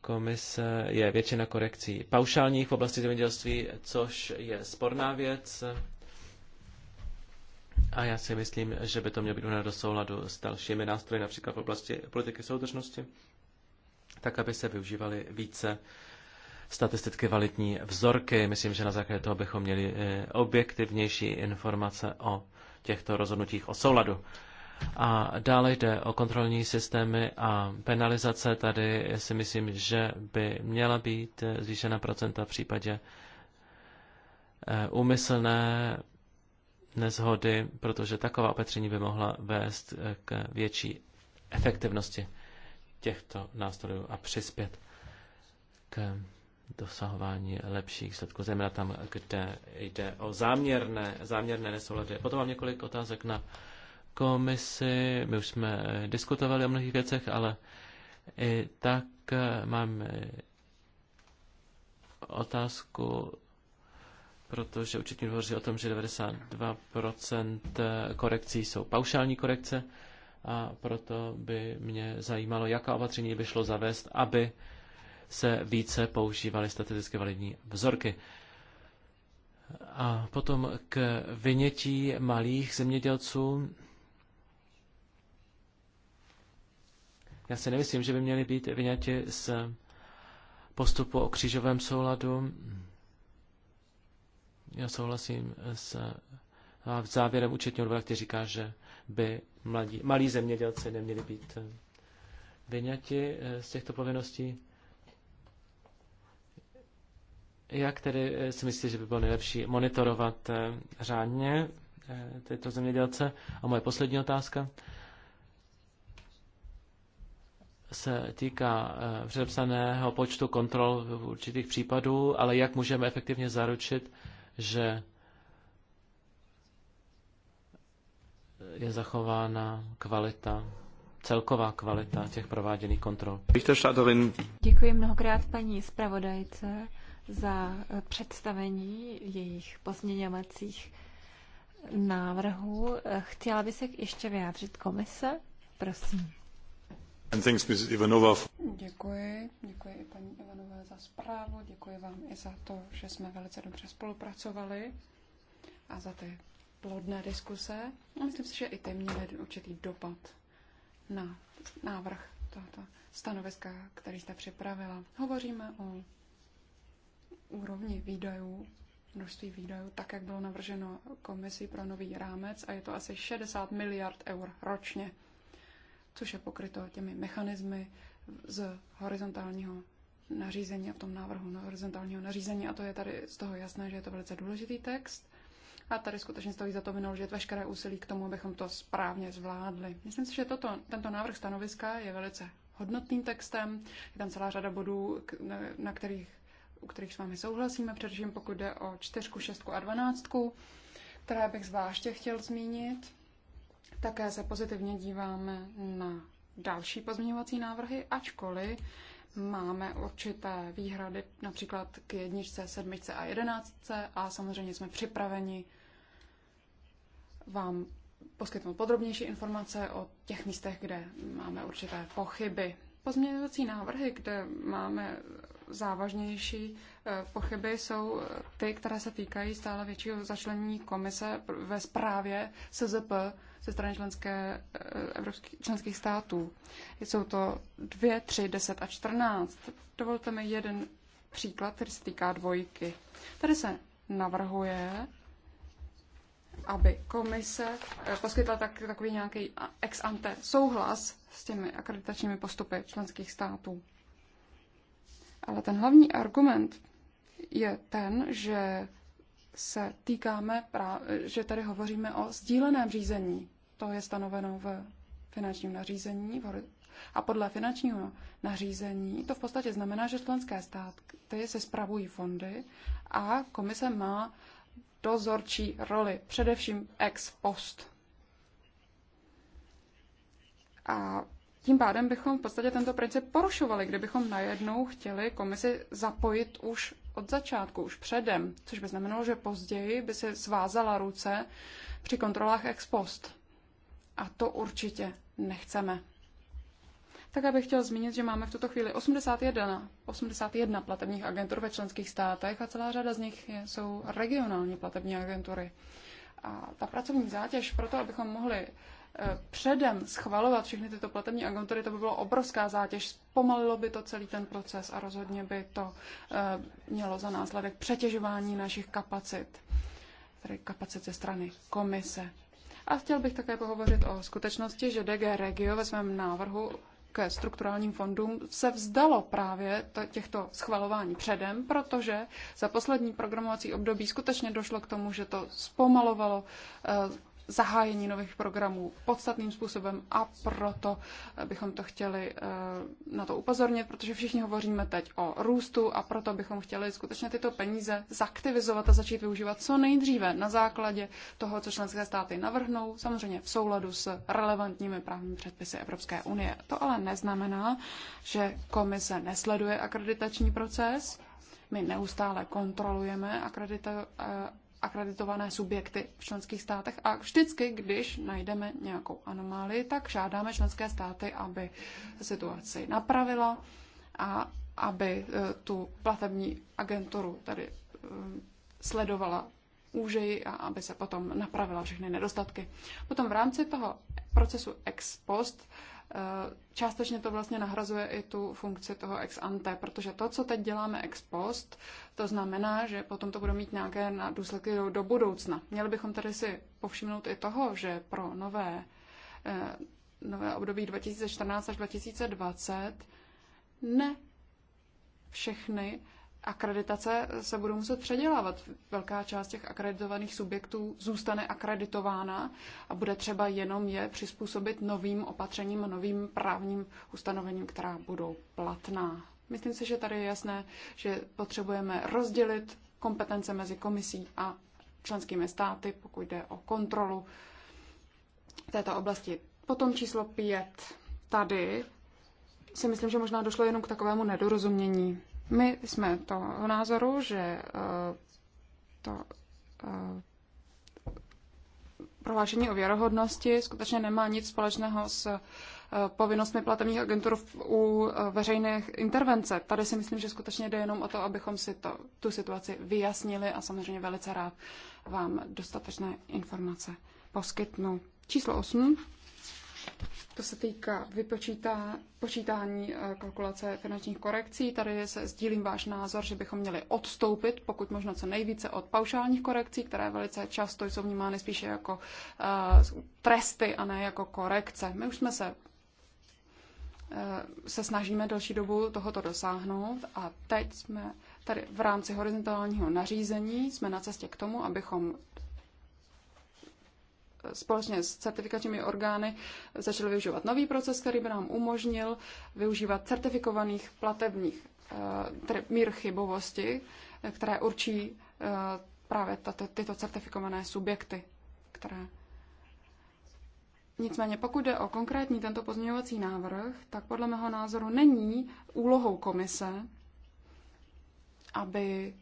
komise je většina korekcí paušálních v oblasti zemědělství, což je sporná věc. A já si myslím, že by to mělo být do souladu s dalšími nástroji, například v oblasti politiky soudržnosti, tak aby se využívaly více statisticky validní vzorky. Myslím, že na základě toho bychom měli eh, objektivnější informace o těchto rozhodnutích o souladu. A dále jde o kontrolní systémy a penalizace. Tady si myslím, že by měla být eh, zvýšena procenta v případě eh, úmyslné nezhody, protože taková opatření by mohla vést eh, k větší efektivnosti těchto nástrojů a přispět k dosahování lepších výsledků, zejména tam, kde jde o záměrné, záměrné nesoulady. Potom mám několik otázek na komisi. My už jsme eh, diskutovali o mnohých věcech, ale i tak eh, mám otázku protože určitě hovoří o tom, že 92% korekcí jsou paušální korekce a proto by mě zajímalo, jaká opatření by šlo zavést, aby se více používaly statisticky validní vzorky. A potom k vynětí malých zemědělců. Já si nemyslím, že by měli být vyňati z postupu o křížovém souladu. Já souhlasím s závěrem účetního dvora, který říká, že by mladí, malí zemědělci neměli být eh, vyňati eh, z těchto povinností. Jak tedy eh, si myslíte, že by bylo nejlepší monitorovat řádně tyto zemědělce? A moje poslední otázka se týká předepsaného počtu kontrol v určitých případů, ale jak můžeme efektivně zaručit, že je zachována kvalita, celková kvalita těch prováděných kontrol. Děkuji mnohokrát paní zpravodajce za představení jejich pozměňovacích návrhů. Chtěla by se ještě vyjádřit komise? Prosím. Děkuji, děkuji i paní Ivanové za zprávu, děkuji vám i za to, že jsme velice dobře spolupracovali a za ty plodné diskuse. A myslím si, že i ty měly určitý dopad na návrh tohoto stanoviska, který jste připravila. Hovoříme o úrovni výdajů, množství výdajů, tak jak bylo navrženo komisí pro nový rámec a je to asi 60 miliard eur ročně což je pokryto těmi mechanismy z horizontálního nařízení a v tom návrhu na horizontálního nařízení a to je tady z toho jasné, že je to velice důležitý text a tady skutečně stojí za to vynaložit veškeré úsilí k tomu, abychom to správně zvládli. Myslím si, že toto, tento návrh stanoviska je velice hodnotným textem, je tam celá řada bodů, na kterých, u kterých s vámi souhlasíme, především pokud jde o čtyřku, šestku a dvanáctku, které bych zvláště chtěl zmínit. Také se pozitivně díváme na další pozměňovací návrhy, ačkoliv máme určité výhrady například k jedničce, sedmičce a jedenáctce a samozřejmě jsme připraveni vám poskytnout podrobnější informace o těch místech, kde máme určité pochyby. Pozměňovací návrhy, kde máme závažnější eh, pochyby, jsou eh, ty, které se týkají stále většího začlenění komise ve zprávě SZP ze strany členské, eh, evropských, členských států. Jsou to 2, 3, 10 a 14. Dovolte mi jeden příklad, který se týká dvojky. Tady se navrhuje, aby komise eh, poskytla tak, takový nějaký ex ante souhlas s těmi akreditačními postupy členských států. Ale ten hlavní argument je ten, že se týkáme, že tady hovoříme o sdíleném řízení. To je stanoveno v finančním nařízení a podle finančního nařízení to v podstatě znamená, že členské státy se spravují fondy a komise má dozorčí roli, především ex post. A tím pádem bychom v podstatě tento princip porušovali, kdybychom najednou chtěli komisi zapojit už od začátku, už předem, což by znamenalo, že později by se svázala ruce při kontrolách ex post. A to určitě nechceme. Tak abych chtěl zmínit, že máme v tuto chvíli 81, 81 platebních agentur ve členských státech a celá řada z nich je, jsou regionální platební agentury. A ta pracovní zátěž pro to, abychom mohli e, předem schvalovat všechny tyto platební agentury, to by bylo obrovská zátěž, zpomalilo by to celý ten proces a rozhodně by to e, mělo za následek přetěžování našich kapacit, tedy kapacit ze strany komise. A chtěl bych také pohovořit o skutečnosti, že DG Regio ve svém návrhu ke strukturálním fondům se vzdalo právě těchto schvalování předem, protože za poslední programovací období skutečně došlo k tomu, že to zpomalovalo eh, zahájení nových programů podstatným způsobem a proto bychom to chtěli eh, na to upozornit, protože všichni hovoříme teď o růstu a proto bychom chtěli skutečně tyto peníze zaktivizovat a začít využívat co nejdříve na základě toho, co členské státy navrhnou, samozřejmě v souladu s relevantními právními předpisy Evropské unie. To ale neznamená, že komise nesleduje akreditační proces, my neustále kontrolujeme akredita, akreditované subjekty v členských státech a vždycky, když najdeme nějakou anomálii, tak žádáme členské státy, aby situaci napravila a aby e, tu platební agenturu tady e, sledovala úžeji a aby se potom napravila všechny nedostatky. Potom v rámci toho procesu ex post Eh, částečně to vlastně nahrazuje i tu funkci toho ex ante, protože to, co teď děláme ex post, to znamená, že potom to bude mít nějaké důsledky do, do budoucna. Měli bychom tady si povšimnout i toho, že pro nové, eh, nové období 2014 až 2020 ne všechny akreditace se budou muset předělávat. Velká část těch akreditovaných subjektů zůstane akreditována a bude třeba jenom je přizpůsobit novým opatřením, novým právním ustanovením, která budou platná. Myslím si, že tady je jasné, že potřebujeme rozdělit kompetence mezi komisí a členskými státy, pokud jde o kontrolu této oblasti. Potom číslo pět. Tady si myslím, že možná došlo jenom k takovému nedorozumění. My jsme toho názoru, že eh, to eh, prohlášení o věrohodnosti skutečně nemá nic společného s eh, povinnostmi platebních agentur u veřejných intervence. Tady si myslím, že skutečně jde jenom o to, abychom si to, tu situaci vyjasnili a samozřejmě velice rád vám dostatečné informace poskytnu. Číslo 8. To se týká vypočítá, počítání eh, kalkulace finančních korekcí. Tady se sdílím váš názor, že bychom měli odstoupit, pokud možno co nejvíce, od paušálních korekcí, které velice často jsou vnímány spíše jako uh, tresty a ne jako korekce. My už jsme se eh, se snažíme další dobu tohoto dosáhnout a teď jsme tady v rámci horizontálního nařízení jsme na cestě k tomu, abychom společně s certifikačními orgány začali využívat nový proces, který by nám umožnil využívat certifikovaných platebních eh, tedy mír chybovosti, které určí eh, právě tato, tyto certifikované subjekty, které Nicméně pokud jde o konkrétní tento pozměňovací návrh, tak podle mého názoru není úlohou komise, aby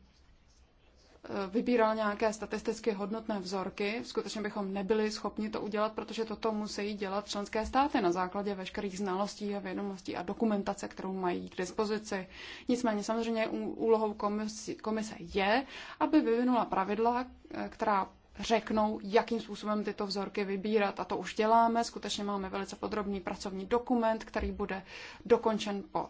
Eh, vybíral nějaké statisticky hodnotné vzorky. Skutečně bychom nebyli schopni to udělat, protože toto musí dělat členské státy na základě veškerých znalostí a vědomostí a dokumentace, kterou mají k dispozici. Nicméně samozřejmě úlohou komise, komise je, aby vyvinula pravidla, eh, která řeknou, jakým způsobem tyto vzorky vybírat. A to už děláme. Skutečně máme velice podrobný pracovní dokument, který bude dokončen po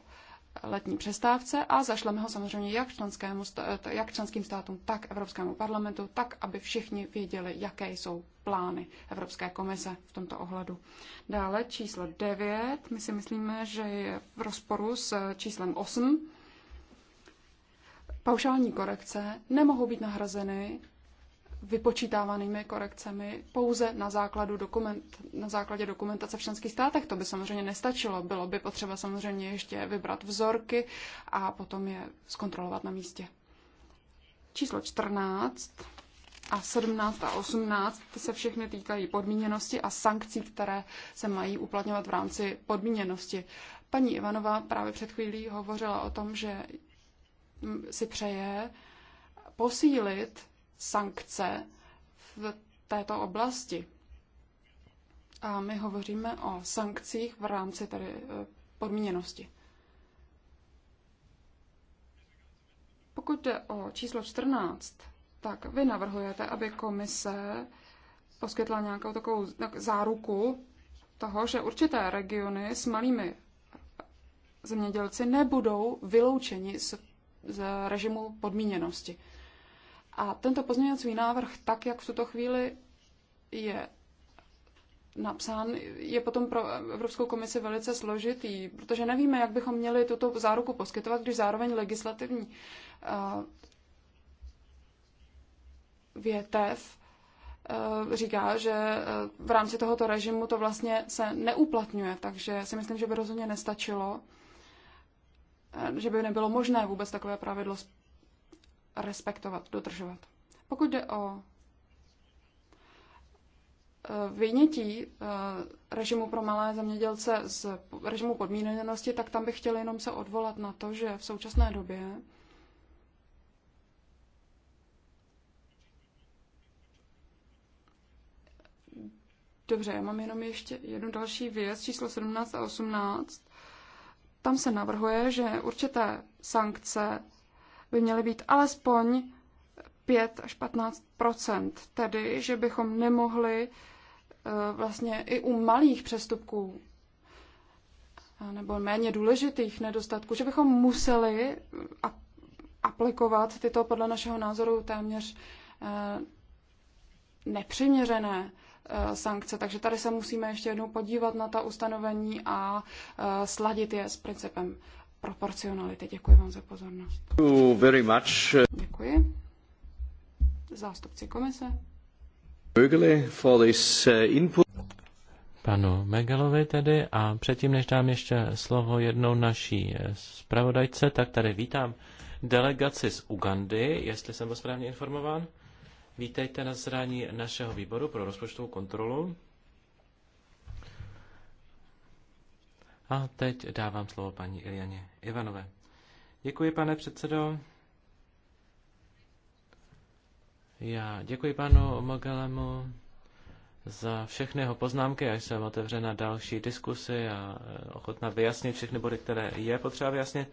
letní přestávce a zašleme ho samozřejmě jak, členskému, eh, jak členským státům, tak Evropskému parlamentu, tak, aby všichni věděli, jaké jsou plány Evropské komise v tomto ohledu. Dále číslo 9, my si myslíme, že je v rozporu s číslem 8. Paušální korekce nemohou být nahrazeny vypočítávanými korekcemi pouze na, základu dokument, na základě dokumentace v členských státech. To by samozřejmě nestačilo. Bylo by potřeba samozřejmě ještě vybrat vzorky a potom je zkontrolovat na místě. Číslo 14 a 17 a 18 ty se všechny týkají podmíněnosti a sankcí, které se mají uplatňovat v rámci podmíněnosti. Paní Ivanová právě před chvílí hovořila o tom, že si přeje posílit sankce v této oblasti. A my hovoříme o sankcích v rámci tedy eh, podmíněnosti. Pokud jde o číslo 14, tak vy navrhujete, aby komise poskytla nějakou takovou záruku toho, že určité regiony s malými zemědělci nebudou vyloučeni z, z režimu podmíněnosti. A tento pozměňovací návrh, tak jak v tuto chvíli je napsán, je potom pro Evropskou komisi velice složitý, protože nevíme, jak bychom měli tuto záruku poskytovat, když zároveň legislativní eh, větev eh, říká, že eh, v rámci tohoto režimu to vlastně se neuplatňuje, takže si myslím, že by rozhodně nestačilo, že by nebylo možné vůbec takové pravidlo respektovat, dodržovat. Pokud jde o e, vynětí e, režimu pro malé zemědělce z režimu podmíněnosti, tak tam bych chtěl jenom se odvolat na to, že v současné době Dobře, já mám jenom ještě jednu další věc, číslo 17 a 18. Tam se navrhuje, že určité sankce by měly být alespoň 5 až 15 tedy že bychom nemohli eh, vlastně i u malých přestupků eh, nebo méně důležitých nedostatků, že bychom museli eh, aplikovat tyto podle našeho názoru téměř nepřiměřené sankce. Takže tady se musíme ještě jednou podívat na ta ustanovení a sladit je s principem proporcionality. Děkuji vám za pozornost. Very much. Děkuji. Zástupci komise. Mögele for this uh, input. Panu Megalovi tedy a předtím, než dám ještě slovo jednou naší eh, zpravodajce, tak tady vítám delegaci z Ugandy, jestli jsem byl správně informován. Vítejte na zrání našeho výboru pro rozpočtovou kontrolu. A teď dávám slovo paní Iljaně Ivanové. Děkuji, pane předsedo. Já děkuji panu Mogelemu za všechny jeho poznámky. až jsem otevřena další diskusy a eh, ochotná vyjasnit všechny body, které je potřeba vyjasnit.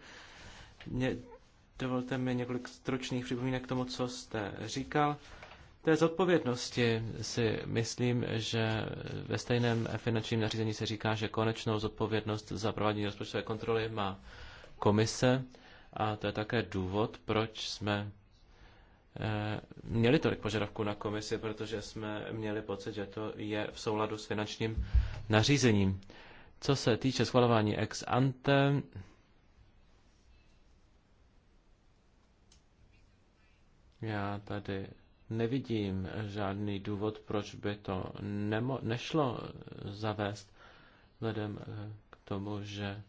Mě, dovolte mi několik stručných připomínek k tomu, co jste říkal té zodpovědnosti si myslím, že ve stejném finančním nařízení se říká, že konečnou zodpovědnost za provádění rozpočtové kontroly má komise a to je také důvod, proč jsme eh, měli tolik požadavků na komisi, protože jsme měli pocit, že to je v souladu s finančním nařízením. Co se týče schvalování ex ante, já tady nevidím žádný důvod, proč by to nemo- nešlo zavést, vzhledem eh, k tomu, že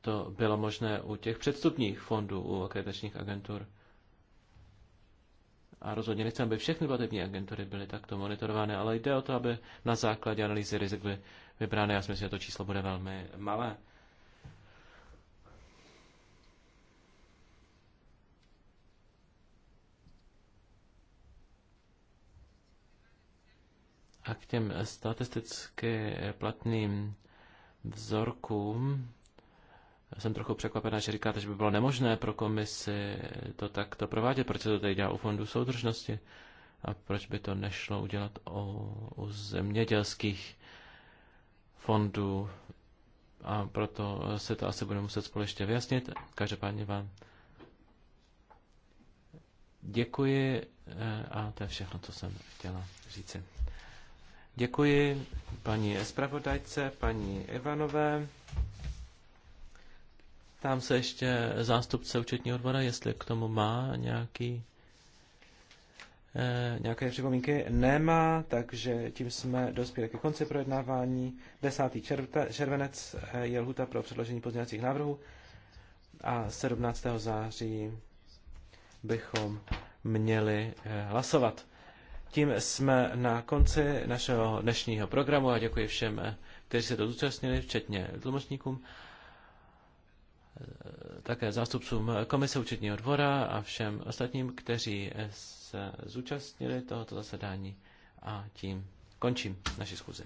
to bylo možné u těch předstupních fondů, u akreditačních agentur. A rozhodně nechci, aby všechny platební agentury byly takto monitorované, ale jde o to, aby na základě analýzy rizik byly vybrány. Já si myslím, že to číslo bude velmi malé. A k těm statisticky platným vzorkům jsem trochu překvapená, že říkáte, že by bylo nemožné pro komisi to takto provádět, proč se to tady dělá u fondu soudržnosti a proč by to nešlo udělat o, u zemědělských fondů a proto se to asi bude muset společně vyjasnit. Každopádně vám děkuji eh, a to je všechno, co jsem chtěla říci. Děkuji paní zpravodajce, paní Ivanové. Tam se ještě zástupce účetního dvora, jestli k tomu má nějaký, eh, nějaké připomínky. Nemá, takže tím jsme dospěli ke konci projednávání. 10. Červta, červenec eh, je lhuta pro předložení pozměňovacích návrhů a 17. září bychom měli eh, hlasovat. Tím jsme na konci našeho dnešního programu a děkuji všem, kteří se to zúčastnili, včetně tlumočníkům, také zástupcům Komise účetního dvora a všem ostatním, kteří se zúčastnili tohoto zasedání a tím končím naši schůzi.